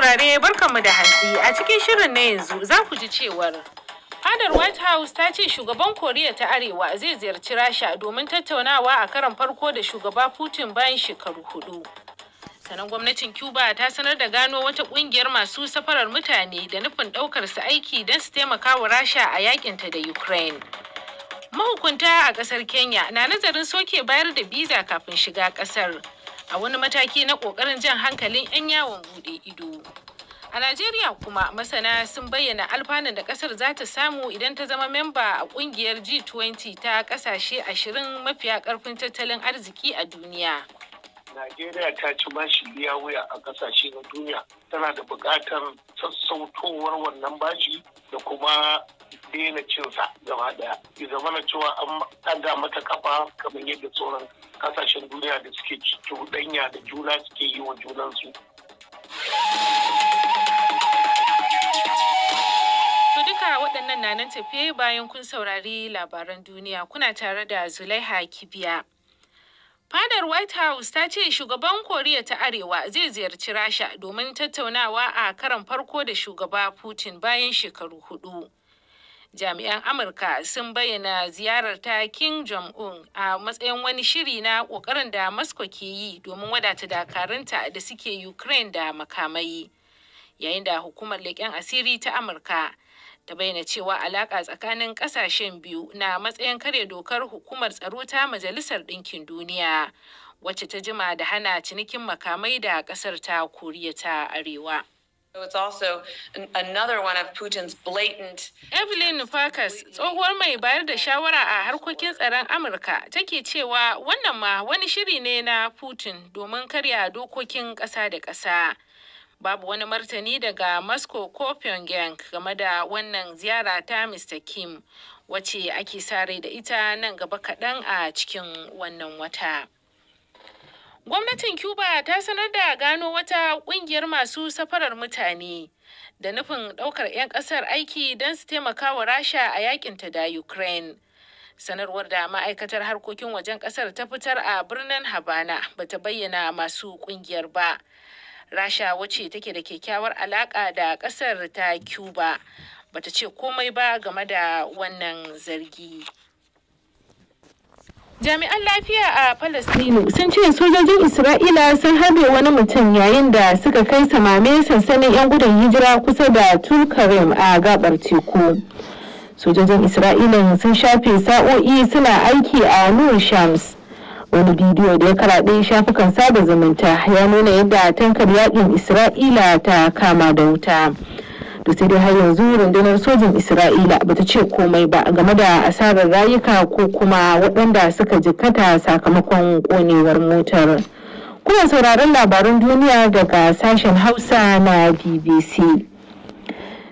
saurare barkanmu da hantsi a cikin shirin na yanzu za ku ji cewar fadar white house ta ce shugaban koriya ta arewa zai ziyarci rasha domin tattaunawa a karan farko da shugaba putin bayan shekaru hudu sannan gwamnatin cuba ta sanar da gano wata kungiyar masu safarar mutane da nufin daukar su aiki don su taimaka wa rasha a ta da ukraine mahukunta a kasar kenya na nazarin soke bayar da biza kafin shiga kasar a wani mataki na kokarin jan hankalin 'yan yawon bude ido. A Najeriya kuma masana sun bayyana alfanun da kasar za ta samu idan ta zama memba a kungiyar G20 ta kasashe ashirin mafiya karfin tattalin arziki a duniya. Najeriya ta ci bashi biya wuya a kasashe na duniya tana da buƙatar sassautowar wannan bashi da kuma daina cinsa gaba daya ya zama na cewa an da mata kafa kamar yadda sauran kasashen duniya da suke cuɗanya da juna suke yi wa junansu. duka waɗannan na nan tafe bayan kun saurari labaran duniya kuna tare da Zulaiha Kibiya. Fadar White House ta ce shugaban Koriya ta Arewa zai ziyarci Rasha domin tattaunawa a karan farko da shugaba Putin bayan shekaru hudu. jami'an amurka sun bayyana ziyarar ta kim jong-un a matsayin wani shiri na kokarin da moscow ke yi domin wadata dakarunta da suke ukraine da makamai yayin da hukumar leƙen asiri ta amurka ta bayyana cewa alaƙa tsakanin ƙasashen biyu na matsayin kare dokar hukumar tsaro ta majalisar ɗinkin duniya wacce ta jima da hana cinikin makamai da ƙasar ta koriya ta arewa it's also Putin's blatant. Evelyn Farkas, tsohuwar mai bayar da shawara a harkokin tsaron Amurka, take cewa wannan ma wani shiri ne na Putin domin karya dokokin ƙasa da ƙasa. Babu wani martani daga Moscow ko Pyongyang game da wannan ziyara ta Mr. Kim, wacce ake sare da ita nan gaba kaɗan a cikin wannan wata. Gwamnatin Cuba ta sanar da gano wata kungiyar masu safarar mutane da nufin daukar 'yan kasar aiki don su taimaka wa Rasha a ta da Ukraine. Sanarwar da ma'aikatar harkokin wajen kasar ta fitar a birnin Habana ba ta bayyana masu kungiyar ba. Rasha wacce take da kyakkyawar alaƙa da kasar ta Cuba ba ta ce komai ba game da wannan zargi. Jami'an lafiya a Falastinu sun ce sojojin Isra'ila sun harbe wani mutum yayin da suka kai samame sansanin 'yan gudun hijira kusa da Tulkarim a gabar teku. Sojojin Isra'ila sun shafe sa'o'i suna aiki a Nur Shams. Wani bidiyo da ya karaɗe shafukan sada zumunta ya nuna yadda tankar yakin Isra'ila ta kama da wuta. da sai dai har yanzu rundunar sojin isra'ila bata ce komai ba game da asarar rayuka ko kuma waɗanda suka jikkata sakamakon konewar motar kuna sauraron labarun duniya daga sashen hausa na bbc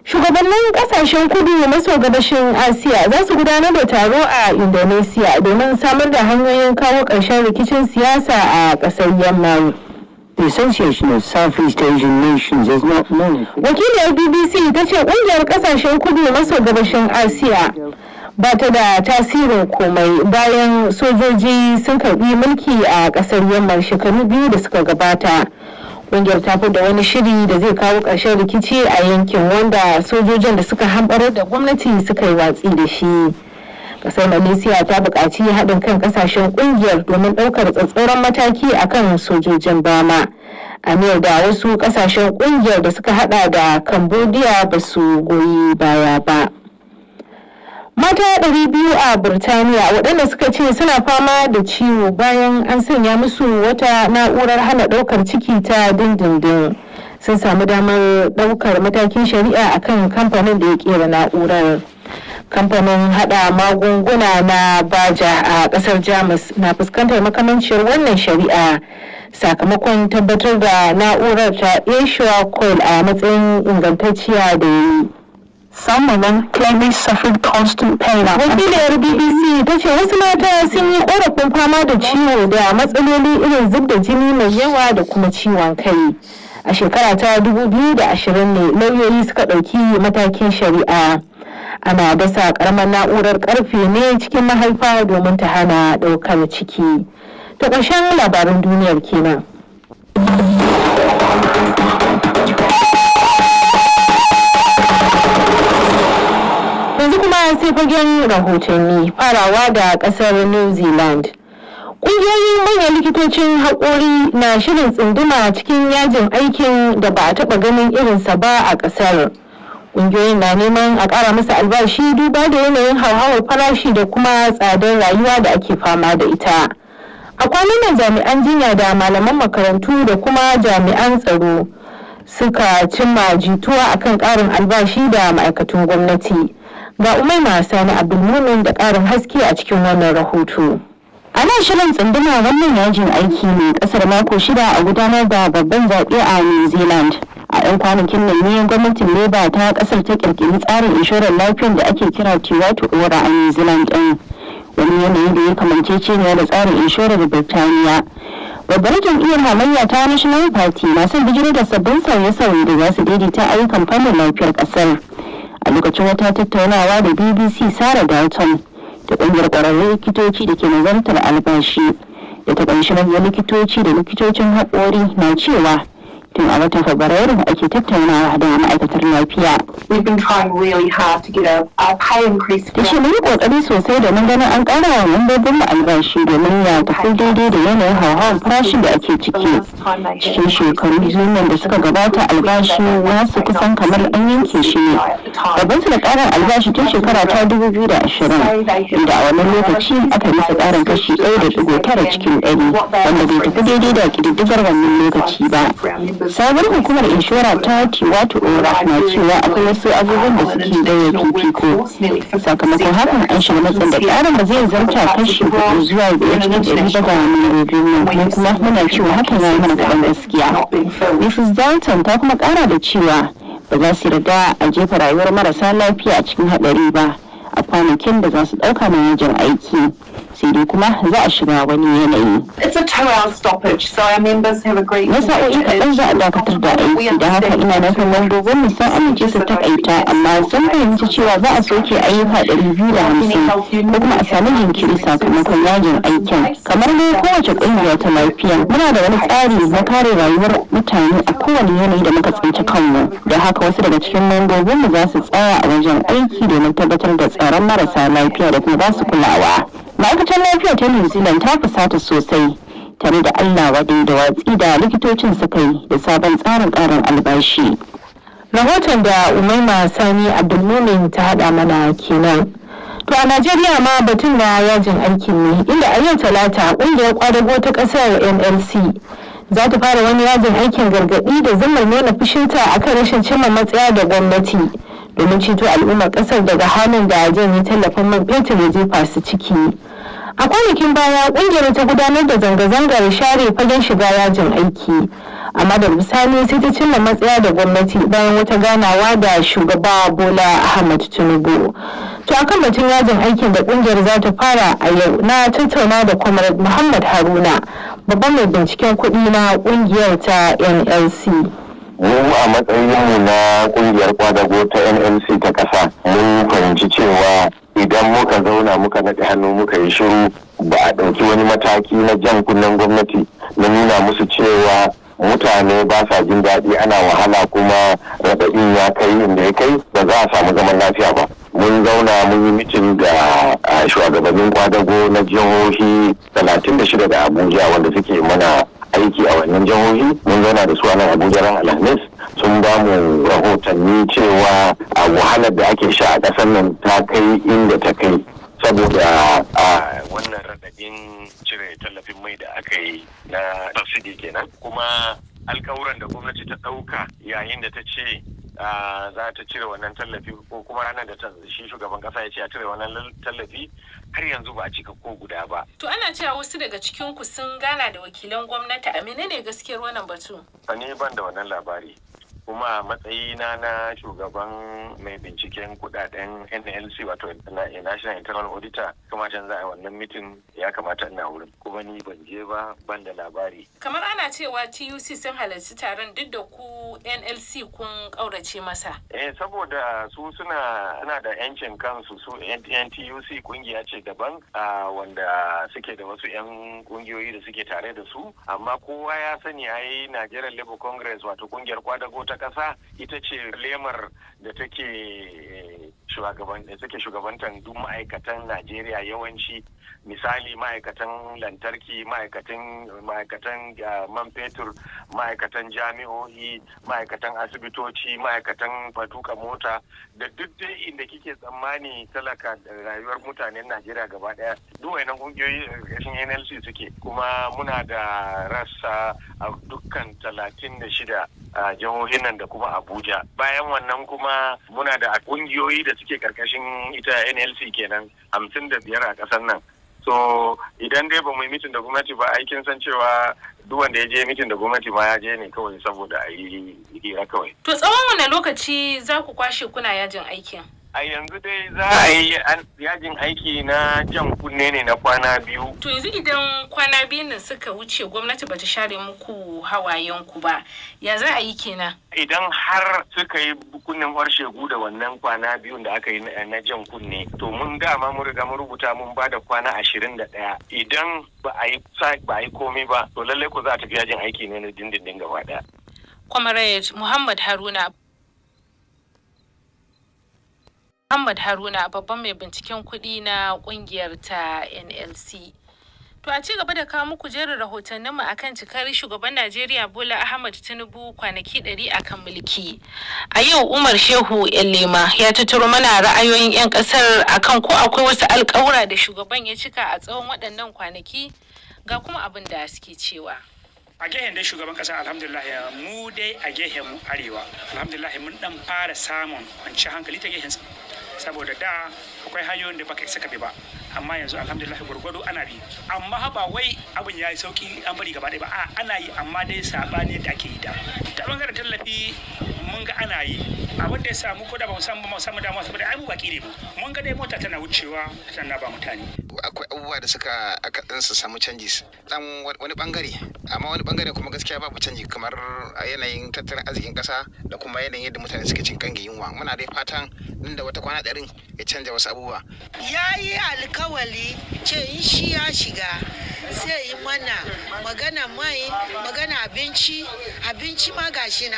shugabannin kasashen kudu maso gabashin asiya za su gudanar da taro a indonesia domin samar da hanyoyin kawo ƙarshen rikicin siyasa a ƙasar yamma The Association of Southeast Asian Nations has not known. BBC ta ce ƙungiyar ƙasashen kudu maso gabashin Asiya ba ta da tasirin komai bayan sojoji sun karɓi mulki a ƙasar yamman shekaru biyu da suka gabata. Ƙungiyar ta fi da wani shiri da zai kawo ƙarshen rikici a yankin wanda sojojin da suka hambarar da gwamnati suka yi watsi da shi. kasar malaysia ta bukaci haɗin kan ƙasashen ƙungiyar domin ɗaukar tsatsauran mataki akan sojojin bama miyar da wasu ƙasashen ƙungiyar da suka hada da cambodia ba su goyi baya ba mata 200 a Birtaniya waɗanda suka ce suna fama da ciwo bayan an sanya musu wata na'urar hana ɗaukar ciki ta dindindin sun samu damar ɗaukar matakin shari'a akan kamfanin da ya ƙera na'urar. kamfanin hada magunguna na baja a kasar jamus na fuskantar makamanciyar wannan shari'a sakamakon tabbatar da na'urar ta asia coil a matsayin ingantacciya da yi Samanin Clement suffered constant pain. Wakiliyar BBC ta ce wasu mata sun yi korafin fama da ciwo da matsaloli irin zub da jini mai yawa da kuma ciwon kai. A shekara ta 2020 ne lauyoyi suka ɗauki matakin shari'a. ana dasa karamar na'urar karfe ne cikin mahaifa domin ta hana daukar ciki ta ƙarshen labarin duniyar kenan yanzu kuma sai fagen rahotanni farawa da ƙasar new zealand Ƙungiyoyin manyan likitocin haƙori na shirin tsunduma cikin yajin aikin da ba a taɓa ganin irinsa ba a ƙasar. ƙungiyoyin na neman a ƙara masa albashi duba da yanayin hauhawar farashi da kuma tsadar rayuwa da ake fama da ita a kwanan nan jami'an jinya da malaman makarantu da kuma jami'an tsaro suka cimma jituwa akan ƙarin albashi da ma'aikatan gwamnati ga na sani abdulmumin da ƙarin haske a cikin wannan rahoto ana shirin tsunduma wannan yajin aiki ne ƙasar mako shida a gudanar da babban zaɓe a new zealand a 'yan kwanakin nan ne gwamnatin leba ta kasar ta kirkiri tsarin inshorar lafiyar da ake kira tiwato ora a new zealand din wani yanayi da ya kamance ceniya da tsarin inshorar birtaniya babbar jam'iyyar halayya ta national party na son bijiro da sabbin sauye-sauye da za su daidaita ayyukan fannin lafiyar kasar a lokacin wata tattaunawa da bbc sare dalton da kungiyar kwararrun likitoci da ke nazartar albashi da ta ƙunshi manyan likitoci da likitocin haƙori na cewa tun a watan Fabrairu ake tattaunawa da ma'aikatar lafiya. Da shi mun kokari sosai da ganin an karawa wa mambobin mu albashi domin ya tafi daidai da yanayin hauhawar farashin da ake ciki. Cikin shekaru biyu da suka gabata albashi nasu kusan kamar an yanke shi ne. Gaban su da karin albashi tun shekara ta dubu biyu da ashirin inda a wannan lokaci aka nisa karin kashi ɗaya da ɗigo tara cikin ɗari wanda bai tafi daidai da ƙididdigar wannan lokaci ba. sabon hukumar inshora ta wato ora na cewa akwai wasu abubuwan da suke daya fifiko sakamakon hakan an shiga matsin da ƙarin da zai zarta kashi hudu zuwa biyar cikin ɗari daga wani mu mu kuma muna cewa hakan ya yi mana kaɗan gaskiya mrs dalton ta kuma kara da cewa ba za su riga a jefa rayuwar marasa lafiya a cikin haɗari ba a kwanakin da za su ɗauka na yajin aiki sai kuma za a shiga wani yanayi. Na sa'o'i kaɗan za a dakatar da aiki da haka ina na kan dogon sun amince su takaita amma sun fahimci cewa za a soke ayyuka ɗari biyu da hamsin ko kuma a sami jinkiri sakamakon yajin aikin. Kamar dai kowace ƙungiya ta lafiya muna da wani tsari na kare rayuwar mutane a kowane yanayi da muka tsinci kanmu. Da haka wasu daga cikin membobinmu za su tsaya a wajen aiki domin tabbatar da tsaron marasa lafiya da kuma ba su kulawa. ma'aikatar lafiya ta new zealand ta fusata sosai tare da allah wadai da watsi da likitocin suka yi da sabon tsarin karin albashi rahoton da umaima sani abdulmumin ta hada mana kenan to a najeriya ma batun na yajin aikin ne inda a yau talata kungiyar kwadago ta kasar nlc za ta fara wani yajin aikin gargadi da zama nuna fushinta akan rashin cimma matsaya da gwamnati domin ceto al'ummar kasar daga halin da janye tallafin man fetur ya jefa su ciki a kwanakin baya kungiyar ta gudanar da zanga-zangar share fagen shiga yajin aiki amma da misali sai ta cimma matsaya da gwamnati bayan wata ganawa da shugaba bola ahmad tinubu to akan batun yajin aikin da kungiyar za ta fara a yau na tattauna da comrade muhammad haruna babban mai binciken kuɗi na kungiyar ta nlc mu a matsayinmu na kungiyar kwadago ta nmc ta ƙasa mun fahimci cewa idan muka zauna muka naɗe hannu muka yi shiru ba a ɗauki wani mataki na jan kunnen gwamnati na nuna musu cewa mutane ba sa jin daɗi ana wahala kuma raɗaɗin ya kai inda ya kai ba za a samu zaman lafiya ba mun zauna mun yi mitin da shugabannin kwadago na jihohi 36 da abuja wanda suke mana aiki a wannan jihohi mun zauna da su a nan abuja ran alhamis sun ba mu rahotanni cewa a wahalar da ake sha a ƙasar nan ta kai inda ta kai saboda a wannan raɗaɗin cire tallafin mai da aka yi na subsidy kenan kuma alkawuran da gwamnati ta ɗauka yayin da ta ce za ta cire wannan tallafi ko kuma ranar da ta shi shugaban kasa ya ce a cire wannan tallafi har yanzu ba a cika ko guda ba. To ana cewa wasu daga cikin ku sun gana da wakilan gwamnati a ne gaskiyar wannan batu? Ba ni ban da wannan labari. kuma matsayi na na shugaban mai binciken kudaden nlc wato national internal auditor kuma can za a wannan mitin ya kamata ina wurin kuma ni ban je ba ban da labari kamar ana cewa tuc sun halarci taron duk da ku nlc kun kaurace masa eh saboda su suna ana da yancin kansu su ntuc kungiya ce daban a wanda suke da wasu yan kungiyoyi da suke tare da su amma kowa ya sani ai Nigerian Labour Congress wato kungiyar kwadago ta kasa ita ce lemar da take eh, take shugabantar duk ma'aikatan Najeriya yawanci misali ma'aikatan lantarki ma'aikatan ma'aikatan eh, man fetur ma'aikatan jami'o'i ma'aikatan asibitoci ma'aikatan fatuka mota da duk dai inda kike tsammani talaka da rayuwar mutanen Najeriya gaba daya duk wayannan kungiyoyi ƙarƙashin NLC suke kuma muna da rassa a dukkan talatin da shida a jihohin nan da kuma Abuja. Bayan wannan kuma muna da kungiyoyi da suke karkashin ita NLC kenan hamsin da biyar a kasar nan. So idan dai ba mu yi mitin da gwamnati ba aikin san cewa duk wanda ya je mitin da gwamnati ma ya je ne kawai saboda a yi hira kawai. To tsawon wani lokaci za ku kwashe kuna yajin aikin? a yanzu dai za a yi yajin aiki na jan kunne ne na kwana biyu. To yanzu idan kwana biyu nan suka wuce gwamnati bata share muku hawayenku ba, ya za a yi kenan? Idan har suka yi kunnen shegu da wannan kwana biyun da aka yi na jan kunne, to mun dama mun riga mun rubuta mun ba da kwana ashirin da ɗaya. Idan ba a yi ba a yi komai ba, to lallai ku za a tafi yajin aiki ne na dindindin gaba ɗaya. Comrade Muhammad Haruna Muhammad Haruna babban mai binciken kuɗi na ƙungiyar ta NLC. To a ci gaba da kawo muku jerin rahotannin mu akan cikar shugaban Najeriya Bola Ahmad Tinubu kwanaki ɗari akan mulki. A yau Umar Shehu Lema ya tuturo mana ra'ayoyin 'yan ƙasar akan ko akwai wasu alƙawura da shugaban ya cika a tsawon waɗannan kwanaki ga kuma abin da suke cewa. a gehen dai shugaban kasa alhamdulillah mu dai a gehen arewa alhamdulillah mun dan fara samun kwanci hankali ta gehen saboda da akwai hanyoyin da baka isa ka bi ba amma yanzu alhamdulillah gurgudu ana bi amma ba wai abin ya yi sauki an bari gaba ɗaya ba a ana yi amma dai sabani da ake yi da ta bangaren tallafi mun ga ana yi abin da ya samu ko da ba mu ba mu ai mu baki ne mun ga dai mota tana wucewa tana ba mutane akwai abubuwa da suka aka din su samu canji dan wani bangare amma wani bangare kuma gaskiya babu canji kamar yanayin tattalin arzikin kasa da kuma yanayin yadda mutane suke cin kange yunwa muna dai fatan nan da wata kwana ɗarin ya canja wasu abubuwa ya yi alkawali ce in shi ya shiga sai yi mana magana mai magana abinci abinci ma gashi na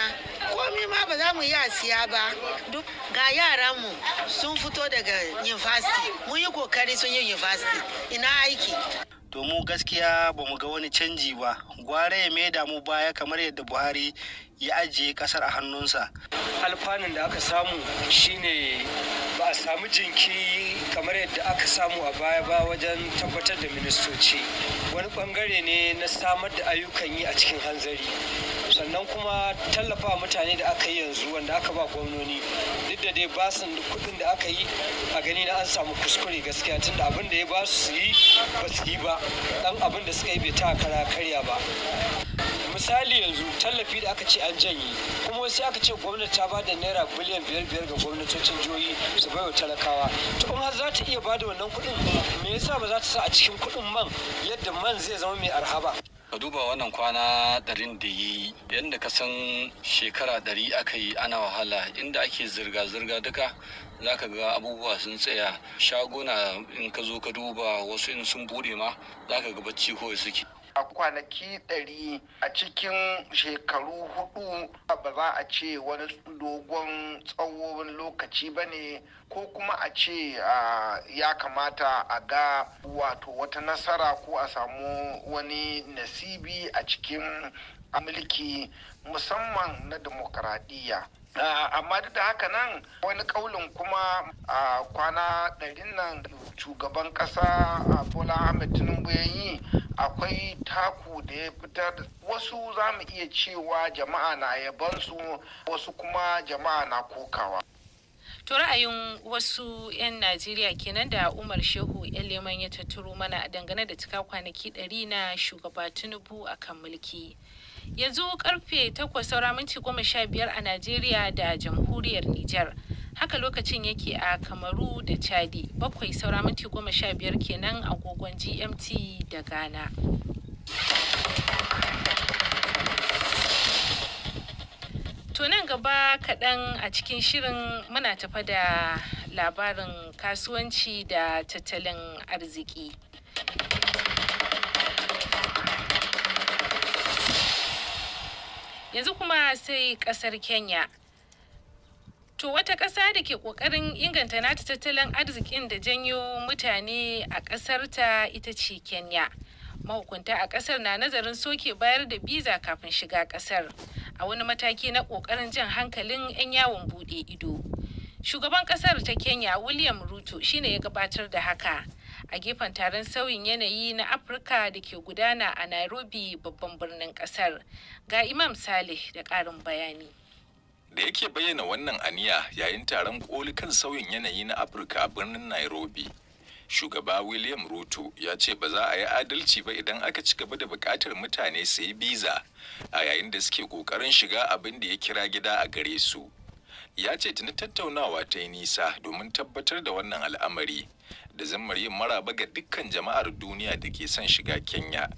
komi ma ba za mu yi siya ba duk ga yaran mu sun fito daga university mun yi kokari sun yi university ina aiki domin gaskiya ba mu ga wani canji ba gware ya maida mu baya kamar yadda buhari ya ajiye kasar a hannunsa alfanun da aka samu shine ba a samu jinkiri kamar yadda aka samu a baya ba wajen tabbatar da ministoci wani bangare ne na samar da ayyukan yi a cikin hanzari sannan kuma tallafa mutane da aka yi yanzu wanda aka ba gwamnoni duk da dai basin kuɗin da aka yi a gani na an samu kuskure gaskiya tunda abin da ya ba su yi ba su yi ba dan abin da suka yi bai ta kara karya ba misali yanzu tallafi da aka ce an janye kuma sai aka ce gwamnati ta ba da naira biliyan biyar biyar ga gwamnatocin jihohi su bai wa talakawa to in har za ta iya ba da wannan kuɗin me yasa ba za ta sa a cikin kuɗin man yadda man zai zama mai arha ba ka duba wannan kwana ɗarin da yi yadda ka san shekara ɗari aka yi ana wahala inda ake zirga-zirga duka za ka ga abubuwa sun tsaya shaguna in ka zo ka duba wasu in sun bude ma za ka ga bacci kawai suke a kwanaki ɗari a cikin shekaru hudu ba za a ce wani dogon tsawon lokaci ba ne ko kuma a ce ya kamata a ga wato wata nasara ko a samu wani nasibi a cikin mulki musamman na demokaradiyya amma duk da haka nan wani kaulin kuma a kwana ɗarin nan shugaban ƙasa bola ahmed tinubu ya yi akwai taku da ya fitar wasu za mu iya cewa jama'a na yabansu wasu kuma jama'a na kokawa To ra'ayin wasu 'yan Najeriya kenan da Umar Shehu Leman ya tattaro mana dangane da cika kwanaki ɗari na shugaba Tinubu akan mulki. yanzu karfe 8:15 a Najeriya da jamhuriyar Nijar. Haka lokacin yake a Kamaru da Chadi, bakwai saura minti biyar kenan agogon GMT da Ghana. To nan gaba kaɗan a cikin shirin muna tafa da labarin kasuwanci da tattalin arziki. yanzu kuma sai kasar kenya to wata kasa da ke kokarin inganta nata tattalin arzikin da janyo mutane a ƙasarta ita ce kenya mahukunta a kasar na nazarin soke bayar da biza kafin shiga kasar a wani mataki na kokarin jan hankalin 'yan yawon bude ido shugaban kasar ta kenya william ruto shine ya gabatar da haka a gefen taron sauyin yanayi na afirka da ke gudana a nairobi babban birnin kasar ga imam saleh da ƙarin bayani da yake bayyana wannan aniya yayin taron koli kan sauyin yanayi na afirka a birnin nairobi shugaba william ruto ya ce ba za a yi adalci ba idan aka ci gaba da buƙatar mutane su yi biza a yayin da suke kokarin shiga abin da ya kira gida a gare su ya ce tuni tattaunawa ta yi nisa domin tabbatar da wannan al'amari da zammar yin maraba ga dukkan jama'ar duniya da ke son shiga kenya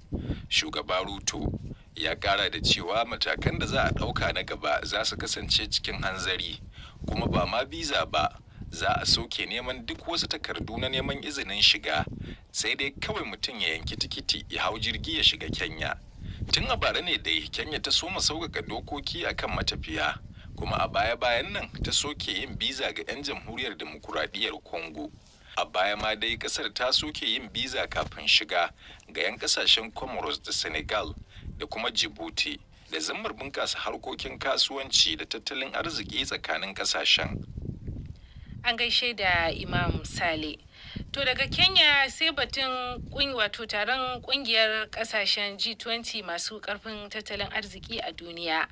shugaba ruto ya kara da cewa matakan da za a ɗauka na gaba za su kasance cikin hanzari kuma ba ma biza ba za a soke neman duk wasu takardu na neman izinin shiga sai dai kawai mutum ya yanki tikiti ya hau jirgi ya shiga kenya tun a bara ne dai kenya ta soma sauƙaƙa dokoki akan matafiya kuma a baya-bayan nan ta soke yin biza ga 'yan jamhuriyar demokuraɗiyyar congo a baya ma dai kasar ta soke yin biza kafin shiga ga 'yan kasashen comoros da senegal da kuma djibouti da zammar bunƙasa harkokin kasuwanci da tattalin arziki tsakanin kasashen an gaishe da imam sale to daga kenya sai batun wato taron kungiyar kasashen g20 masu karfin tattalin arziki a duniya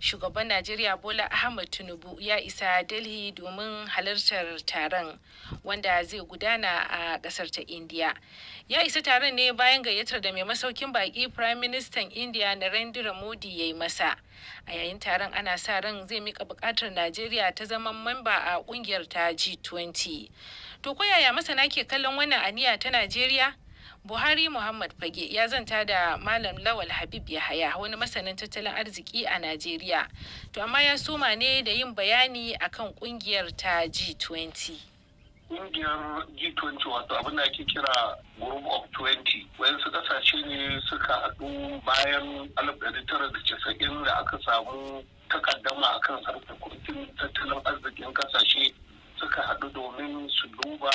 shugaban najeriya bola ahmed tinubu ya isa delhi domin halartar taron wanda zai gudana a kasar ta india ya isa taron ne bayan gayyatar da mai masaukin baki prime minister india narendra modi ya yi masa a yayin taron ana sa ran zai mika bukatar najeriya ta zama mamba a kungiyar ta g20 to ko yaya masana ke kallon wannan aniya ta najeriya Buhari Muhammad Fage ya zanta da Malam Lawal Habib Yahaya wani masanin tattalin arziki a Najeriya. To amma ya suma ne da yin bayani akan kungiyar ta G20. Kungiyar G20 wato abin da ake kira Group of 20 wayansu kasashe ne suka haɗu bayan 1990 da aka samu takaddama akan harkokin tattalin arzikin kasashe suka haɗu domin su duba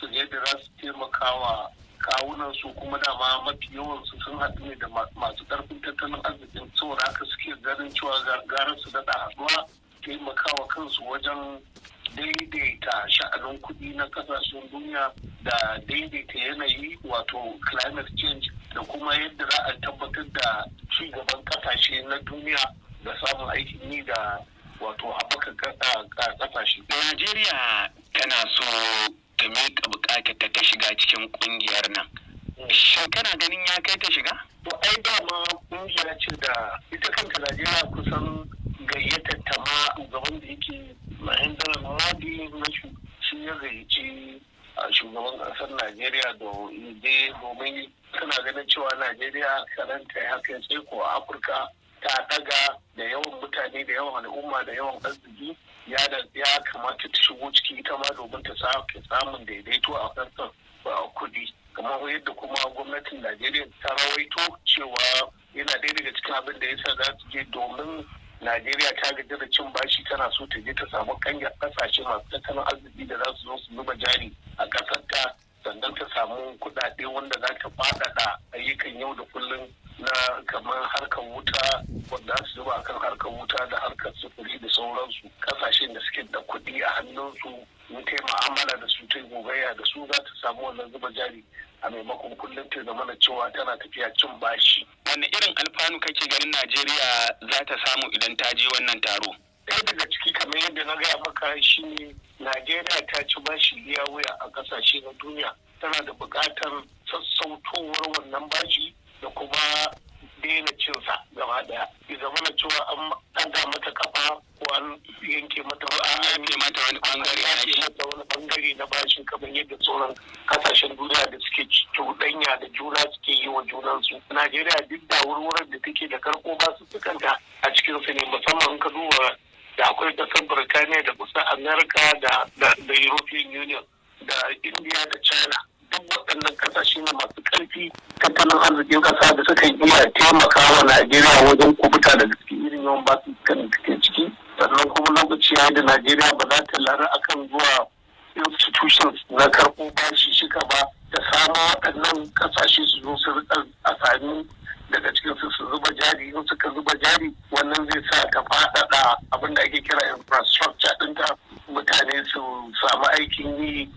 su yadda za su taimakawa kawunan su kuma dama mafi yawan su sun haɗu ne da masu ƙarfin tattalin arzikin saboda haka suke ganin cewa gara su daɗa haɗuwa taimakawa kansu wajen daidaita sha'anin kuɗi na ƙasashen duniya da daidaita yanayi wato climate change da kuma yadda za a tabbatar da ci gaban ƙasashe na duniya da samun aikin yi da wato haɓaka ƙasashe. Najeriya tana so ta ka buƙatar ta shiga cikin ƙungiyar nan. Shin kana ganin ya kai ta shiga? To ai ma ƙungiya ce da ita kanta Najeriya kusan gayyatar ta ma gaban da yake mahindarar Madi na shi ya gayyaci a shugaban ƙasar Najeriya da domin suna ganin cewa Najeriya karanta ya kai sai a Afirka ta daga da yawan mutane da yawan al'umma da yawan arziki ya kamata ta shigo ciki ita ma domin ta samun daidaito a a kuɗi kamar yadda kuma gwamnatin najeriya ta rawaito cewa yana ɗaya daga cikin abin da yasa za su je domin najeriya ta gaji da cin bashi tana so ta je ta samu kanyar kasashe masu tattalin arziki da za su zo su zuba jari a ƙasarta ta sannan ta samu kuɗaɗe wanda za ta faɗaɗa ayyukan yau da kullum na kamar harkar wuta wanda su zuba kan harkar wuta da harkar sufuri da sauransu kasashen da suke da kuɗi a hannunsu mun kai ma'amala da su ta gogayya da su za ta samu wannan zuba jari a maimakon kullum ta zama na cewa tana tafiya cin bashi. wani irin alfanu kake ganin najeriya za ta samu idan ta je wannan taro. ɗaya daga ciki kamar yadda na gaya maka shi ne najeriya ta ci bashi iya wuya a ƙasashe na duniya tana da buƙatar sassautowar wannan bashi da kuma daina cinsa gaba daya ya zama na cewa an ɗaga mata kafa ko an yanke mata wani bangare na bashi kamar yadda sauran kasashen duniya da suke cuɗanya da juna suke yi wa junansu najeriya duk da wurwurar da take da karko ba su kanta a cikin ne musamman ka duba da akwai ƙasar birtaniya da kusa amerika da european union da india da china duk waɗannan kasashe ne masu ƙarfi tattalin arzikin ƙasa da suka iya taimakawa wa Najeriya wajen kubuta daga cikin irin yawan su kan suke ciki sannan kuma lokaci ya da Najeriya ba za ta lara akan zuwa institutions na karɓo bashi shika ba da samun waɗannan ƙasashe su zo su riƙa a sami daga cikin su su zuba jari in suka zuba jari wannan zai sa ka faɗaɗa abin da ake kira infrastructure ɗinta mutane su samu aikin yi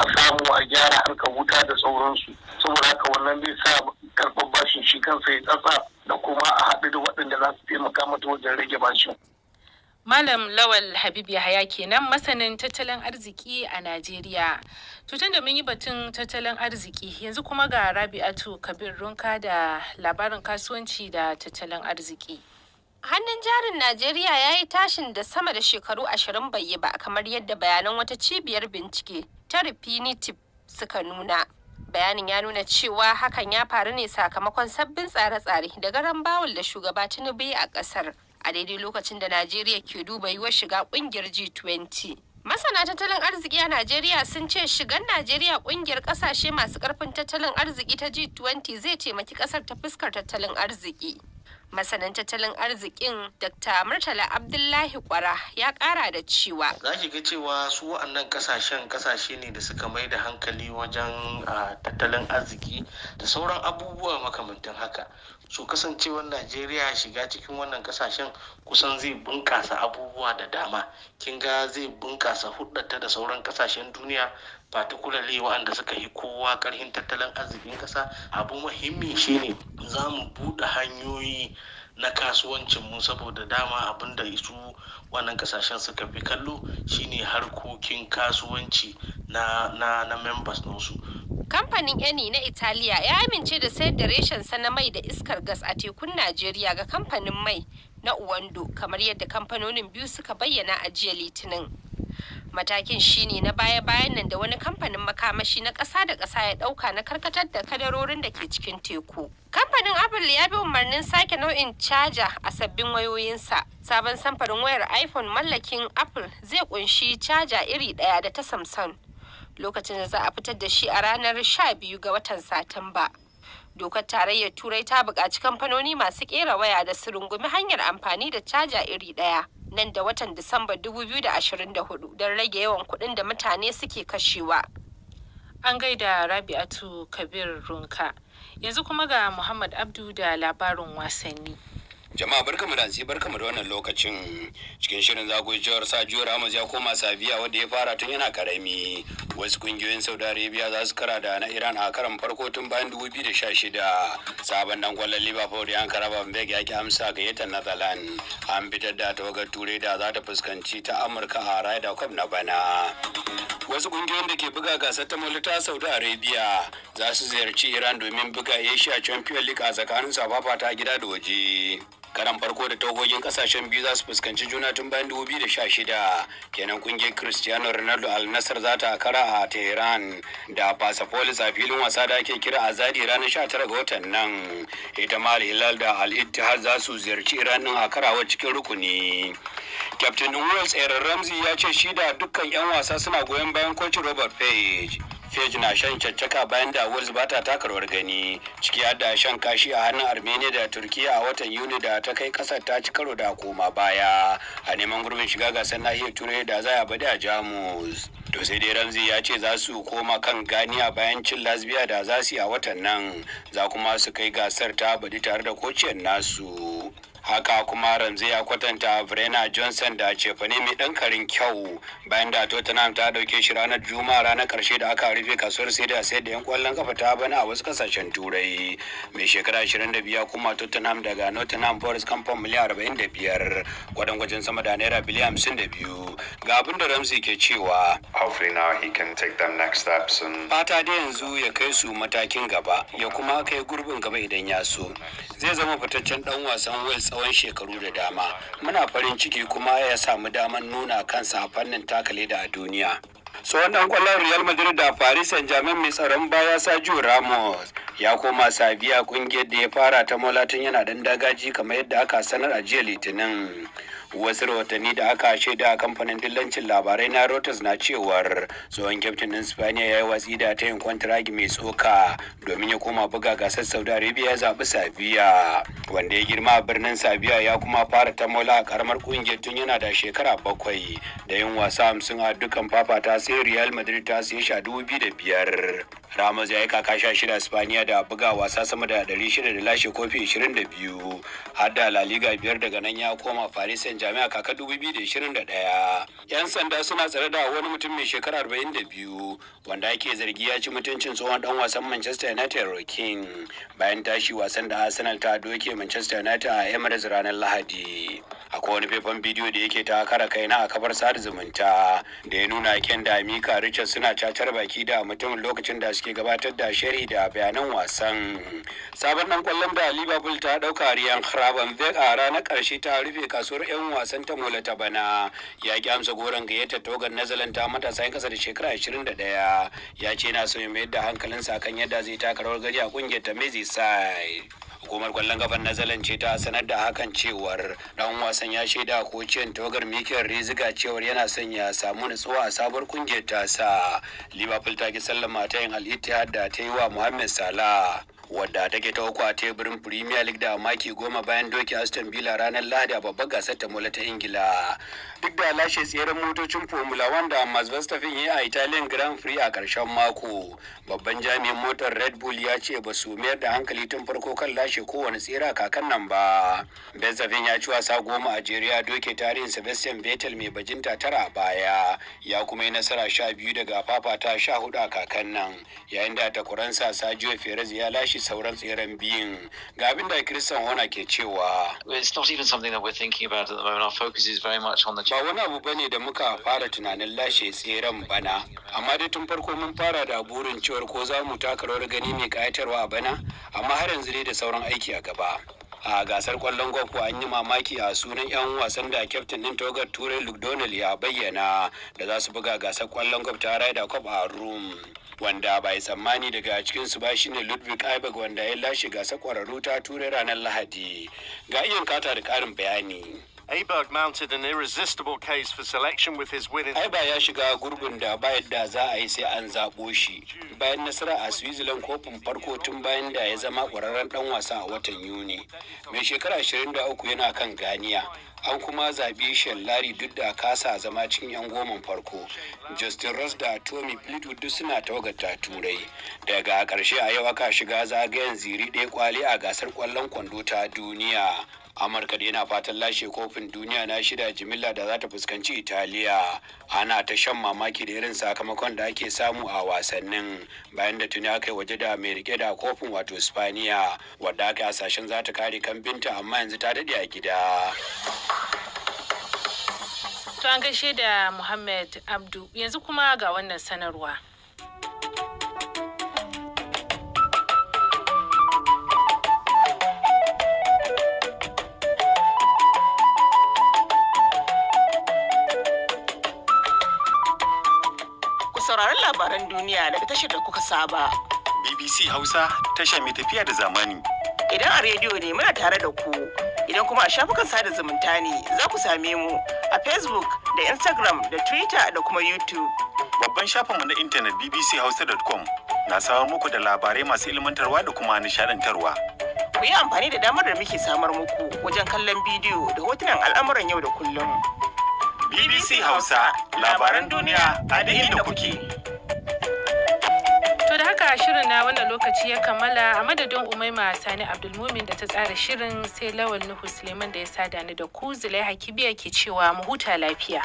a samu a gyara harkar wuta da sauransu saboda haka wannan zai sa karɓar bashin shi kansa ya tsasa da kuma a haɗu da waɗanda za su taimaka mata wajen rage bashin. Malam Lawal Habib Yahaya kenan masanin tattalin arziki a Najeriya. Tutun da mun yi batun tattalin arziki yanzu kuma ga Rabi'atu Kabir Runka da labarin kasuwanci da tattalin arziki. Hannun jarin Najeriya ya yi tashin da sama da shekaru ashirin bai yi ba kamar yadda bayanan wata cibiyar bincike ta Refinitiv suka nuna. Bayanin ya nuna cewa hakan ya faru ne sakamakon sabbin tsare-tsare da garan bawul da shugaba Tinubu a ƙasar a daidai lokacin da Najeriya ke duba yiwuwar shiga ƙungiyar G20. Masana tattalin arziki a Najeriya sun ce shigan Najeriya ƙungiyar ƙasashe masu ƙarfin tattalin arziki ta G20 zai taimaki ƙasar ta fuskar tattalin arziki. masanin tattalin arzikin dr murtala abdullahi kwara ya kara da cewa za ki ga cewa su wa'annan kasashen kasashe ne da suka mai da hankali wajen ah, tattalin arziki da sauran abubuwa makamantan haka so kasancewar najeriya shiga cikin wannan kasashen kusan zai bunkasa abubuwa da dama kin ga zai bunkasa hudata da sauran kasashen duniya particularly waɗanda suka yi kowa karhin tattalin arzikin ƙasa abu muhimmi shine za mu buɗe hanyoyi na kasuwancin mu saboda dama abin da su wannan kasashen suka fi kallo shine harkokin kasuwanci na na na members kamfanin eni na italiya ya amince da sayar da reshensa na mai da iskar gas a tekun najeriya ga kamfanin mai na uwando kamar yadda kamfanonin biyu suka bayyana a jiya litinin matakin shine na baya-bayan nan da wani kamfanin makamashi na ƙasa da ƙasa ya ɗauka na karkatar da kadarorin da ke cikin teku kamfanin apple ya bi umarnin sake nau'in caja a sabbin wayoyinsa sabon samfarin wayar iphone mallakin apple zai kunshi caja iri ɗaya da ta samsung lokacin da za a fitar da shi a ranar 12 ga watan satumba dokar tarayyar turai ta buƙaci kamfanoni masu ƙera waya da su rungumi hanyar amfani da caja iri ɗaya nan da watan disamba 2024 don rage yawan kuɗin da mutane suke kashewa an gaida rabi'atu kabir runka yanzu kuma ga muhammad abdu da labarin wasanni Jama'a barkamu da hantsi barkamu da wannan lokacin cikin shirin sa Sajiyo Ramos ya koma Sabiya wanda ya fara tun yana karami. Wasu kungiyoyin Saudi Arabia za su kara da na Iran a karan farko tun bayan 2016. Sabon dan kwallon Liverpool ya ankara Bamberg ya ki amsa gayyatar Netherlands. An fitar da tawagar Turai da za ta fuskanci ta Amurka a Ryder Cup na bana. Wasu kungiyoyin da ke buga gasar ta ta Saudi Arabia za su ziyarci Iran domin buga Asia Champions League a tsakanin safafa ta gida da waje. karan farko da tagogin kasashen biyu za su fuskanci juna tun bayan 2016 kenan kungiyar cristiano ronaldo al nassr za ta kara a tehran da pasapolis a filin wasa da ake kira a zadi ranar 19 ga watan nan ita ma al hilal da al ittihad za su ziyarci iran din a karawar cikin rukuni captain wales aaron ramsey ya ce shi da dukkan yan wasa suna goyon bayan coach robert page fej na shan caccaka bayan da wales ba ta takarwar gani ciki har da shan kashi a hannun armenia da turkiya a watan yuni da ta kai kasar ta ci karo da koma baya a neman gurbin shiga gasar nahiyar turai da za a bada a jamus to sai dai ramzi ya ce za su koma kan ganiya bayan cin lasbiya da za su yi a watan nan za kuma su kai gasar ta badi tare da kociyar nasu haka kuma ramze ya kwatanta Verena johnson da cefane mai dan karin kyau bayan da tottenham ta dauke shi ranar juma'a ranar karshe da aka rufe kasuwar sai da sai da yan kwallon kafa ta bana a wasu kasashen turai mai shekara 25 kuma tottenham daga nottingham forest kamfan miliyan 45 gwadon gwajin sama da naira biliyan 52 ga abin da ramsey ke cewa fata da yanzu ya kai su matakin gaba ya kuma kai gurbin gaba idan ya so zai zama fitaccen dan wasan wales tsawon shekaru da dama muna farin ciki kuma ya samu damar nuna kansa a fannin takale da a duniya tsohon dan kwallon real madrid da paris saint germain mai tsaron baya sergio ramos ya koma sabiya kungiyar da ya fara ta mola tun yana dan dagaji kamar yadda aka sanar a jiya litinin wasu rahotanni da aka shaida da kamfanin dillancin labarai na Reuters na cewar tsohon kyaftin din Spaniya ya yi watsi da ta yin kwantiragi mai tsoka domin ya koma buga gasar Saudi Arabia ya zaɓi Sabiya wanda ya girma a birnin Sabiya ya kuma fara tamola a karamar kungiyar tun yana da shekara bakwai da yin wasa hamsin a dukkan fafata sai Real Madrid ta sai sha dubu biyu da biyar. Ramos ya yi kaka sha shida Spaniya da buga wasa sama da ɗari shida da lashe kofi ashirin da biyu har da La Liga biyar daga nan ya koma Paris Saint Jami'a da jami'a da 2021 'yan sanda suna tsare da wani mutum mai shekara da biyu. wanda ake zargi ya ci mutuncin tsohon dan wasan manchester united rokin bayan tashi wasan da arsenal ta doke manchester united a emirates ranar lahadi akwai wani faifan bidiyo da yake ta kara kaina a kafar sada zumunta da ya nuna ken da mika richard suna cacar baki da mutumin lokacin da suke gabatar da shari da bayanan wasan sabon dan kwallon da liverpool ta dauka riyan hraban vek a ranar karshe ta rufe kasuwar yan wasan ta mola ta bana ya ki amsa goron gayyatar togar na ta matasa yan kasa da shekara 21 ya ce na so ya mayar da hankalinsa kan yadda zai taka rawar gari a kungiyar ta sai hukumar kwallon kafan nazalan ce ta sanar da hakan cewar dan wasan Hassan ya shaida kocin tawagar Mikel Riziga cewar yana son ya samu nutsuwa a sabuwar kungiyar tasa. Liverpool ta ki sallama ta yin al da ta yi wa Mohamed Salah. wadda take ta uku a teburin premier league da maki goma bayan doki aston villa ranar lahadi a babbar gasar ta mola ta ingila duk da lashe tseren motocin formula wanda max verstappen yi a italian grand prix a karshen mako babban jami'in motar red bull ya ce ba su mayar da hankali tun farko kan lashe kowane tsira kakan nan ba verstappen ya ci wasa goma a jeriya doke tarihin sebastian vettel mai bajinta tara a baya ya kuma yi nasara sha biyu daga fafata sha hudu a kakan nan yayin da takuransa sergio perez ya lashe shi sauran tseren biyun ga abin da Christian wana ke cewa. Ba wani abu bane da muka fara tunanin lashe tseren bana, amma dai tun farko mun fara da burin cewar ko za mu taka rawar gani mai kayatarwa a bana, amma har yanzu dai da sauran aiki a gaba. a gasar kwallon gwaf an yi mamaki a sunan 'yan wasan da kyaftin din Togar turai luke ya bayyana da za su buga gasar kwallon gwaf ta ryder cup a rome wanda bai tsammani daga cikinsu ba shine ludwig aibag wanda ya lashe gasar kwararru ta turai ranar lahadi ga iya kata da karin bayani Aberg mounted an irresistible case for selection with his winning. Ai ba ya shiga gurbin da ba yadda za a yi sai an zaɓo shi. Bayan nasara a Switzerland kofin farko tun bayan da ya zama kwararren ɗan wasa a watan Yuni. Mai shekara 23 yana kan ganiya. An kuma zaɓi Shellari duk da kasa zama cikin 'yan goman farko. Justin Ross da Tommy Fleetwood duk suna tawagata turai. Daga ƙarshe a yau aka shiga zagayen ziri ɗaya kwali a gasar ƙwallon kwando ta duniya. amurka da yana fatan lashe kofin duniya na shida jimilla da za ta fuskanci italiya ana ta shan mamaki da irin sakamakon da ake samu a wasannin bayan da tuni aka yi waje da mai rike da kofin wato spaniya wadda aka yi hasashen za ta kare kambinta amma yanzu ta daɗe a gida to an gaishe da muhammad abdu yanzu kuma ga wannan sanarwa labaran duniya daga tashar da kuka saba. BBC Hausa tasha mai tafiya da zamani. Idan a rediyo ne muna tare da ku, idan kuma a shafukan sada zumunta ne za ku same mu a Facebook da Instagram da Twitter da kuma YouTube. Babban shafinmu na intanet bbchausa.com na samar muku da labarai masu ilmantarwa da kuma nishadantarwa. Ku yi amfani da damar da muke samar muku wajen kallon bidiyo da hotunan al'amuran yau da kullum. BBC Hausa labaran duniya a da kuke. haka shirin na wannan lokaci ya kammala a madadin umaima sani abdulmumin da ta tsara shirin sai lawal nuhu suleiman da ya sada ni da ku zulai hakibiya ke cewa mu huta lafiya